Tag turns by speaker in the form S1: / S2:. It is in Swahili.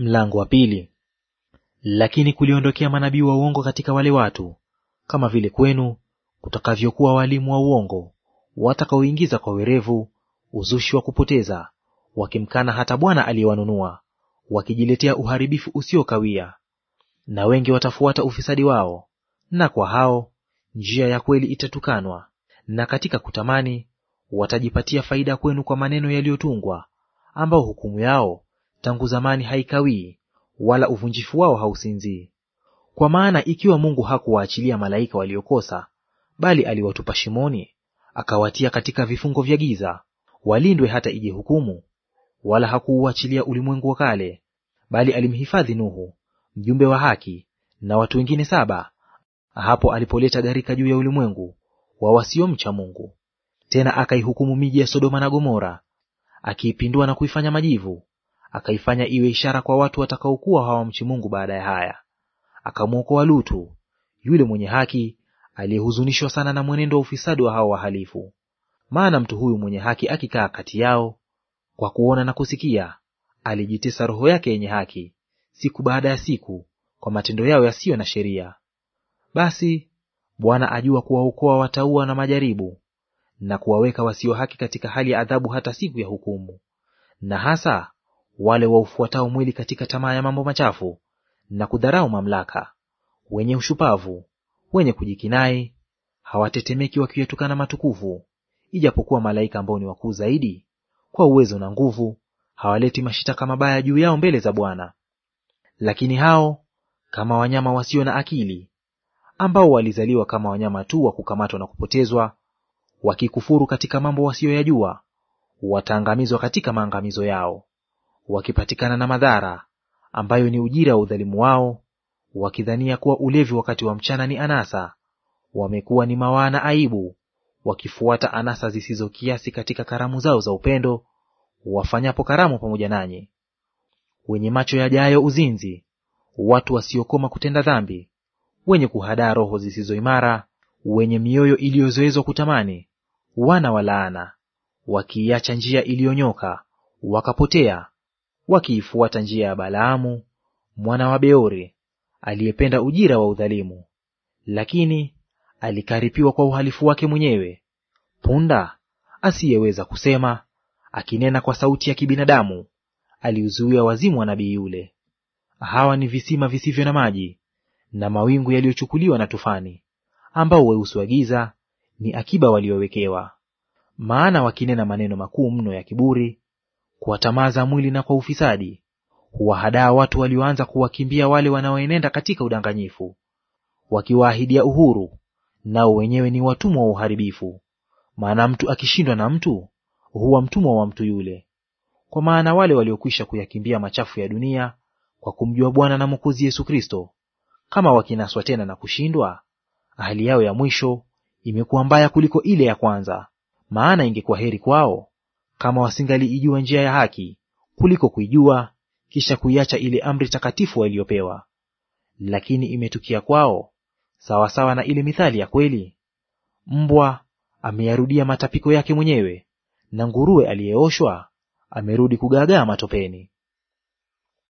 S1: Mlango wa pili. Lakini kuliondokea manabii wa uongo katika wale watu, kama vile kwenu kutakavyokuwa walimu wa uongo, watakaoingiza kwa werevu uzushi wa kupoteza, wakimkana hata Bwana aliyewanunua, wakijiletea uharibifu usiokawia. Na wengi watafuata ufisadi wao, na kwa hao njia ya kweli itatukanwa. Na katika kutamani watajipatia faida kwenu kwa maneno yaliyotungwa, ambao hukumu yao tangu zamani haikawii, wala uvunjifu wao hausinzii. Kwa maana ikiwa Mungu hakuwaachilia malaika waliokosa, bali aliwatupa shimoni, akawatia katika vifungo vya giza, walindwe hata ije hukumu, wala hakuuachilia ulimwengu wa kale, bali alimhifadhi Nuhu mjumbe wa haki na watu wengine saba, hapo alipoleta gharika juu ya ulimwengu wa wasiomcha Mungu. Tena akaihukumu miji ya Sodoma na Gomora, akiipindua na kuifanya majivu, akaifanya iwe ishara kwa watu watakaokuwa hawamchi Mungu baada ya haya. Akamwokoa Lutu yule mwenye haki aliyehuzunishwa sana na mwenendo wa ufisadi wa hao wahalifu. Maana mtu huyu mwenye haki akikaa kati yao, kwa kuona na kusikia, alijitesa roho yake yenye haki siku baada ya siku kwa matendo yao yasiyo na sheria. Basi Bwana ajua kuwaokoa wataua na majaribu, na kuwaweka wasio haki katika hali ya adhabu hata siku ya hukumu, na hasa wale waufuatao mwili katika tamaa ya mambo machafu na kudharau mamlaka, wenye ushupavu, wenye kujikinai, hawatetemeki wakiyatukana matukufu, ijapokuwa malaika ambao ni wakuu zaidi kwa uwezo na nguvu hawaleti mashitaka mabaya juu yao mbele za Bwana. Lakini hao kama wanyama wasio na akili, ambao walizaliwa kama wanyama tu wa kukamatwa na kupotezwa, wakikufuru katika mambo wasiyoyajua, wataangamizwa katika maangamizo yao wakipatikana na madhara ambayo ni ujira wa udhalimu wao, wakidhania kuwa ulevi wakati wa mchana ni anasa, wamekuwa ni mawaa na aibu, wakifuata anasa zisizo kiasi katika karamu zao za upendo, wafanyapo karamu pamoja nanyi. Wenye macho yajayo uzinzi, watu wasiokoma kutenda dhambi, wenye kuhadaa roho zisizo imara, wenye mioyo iliyozoezwa kutamani, wana wa laana, wakiiacha njia iliyonyoka wakapotea wakiifuata njia ya Balaamu mwana wa Beori, aliyependa ujira wa udhalimu, lakini alikaripiwa kwa uhalifu wake mwenyewe, punda asiyeweza kusema, akinena kwa sauti ya kibinadamu, aliuzuia wazimu wa nabii yule. Hawa ni visima visivyo na maji na mawingu yaliyochukuliwa na tufani, ambao weusi wa giza ni akiba waliowekewa. Maana wakinena maneno makuu mno ya kiburi, kwa tamaa za mwili na kwa ufisadi huwahadaa watu walioanza kuwakimbia wale wanaoenenda katika udanganyifu, wakiwaahidia uhuru, nao wenyewe ni watumwa wa uharibifu. Maana mtu akishindwa na mtu, huwa mtumwa wa mtu yule. Kwa maana wale waliokwisha kuyakimbia machafu ya dunia kwa kumjua Bwana na Mwokozi Yesu Kristo, kama wakinaswa tena na kushindwa, hali yao ya mwisho imekuwa mbaya kuliko ile ya kwanza. Maana ingekuwa heri kwao kama wasingaliijua njia ya haki kuliko kuijua, kisha kuiacha ile amri takatifu waliyopewa. Lakini imetukia kwao sawasawa na ile mithali ya kweli, mbwa ameyarudia matapiko yake mwenyewe, na nguruwe aliyeoshwa amerudi kugaagaa matopeni.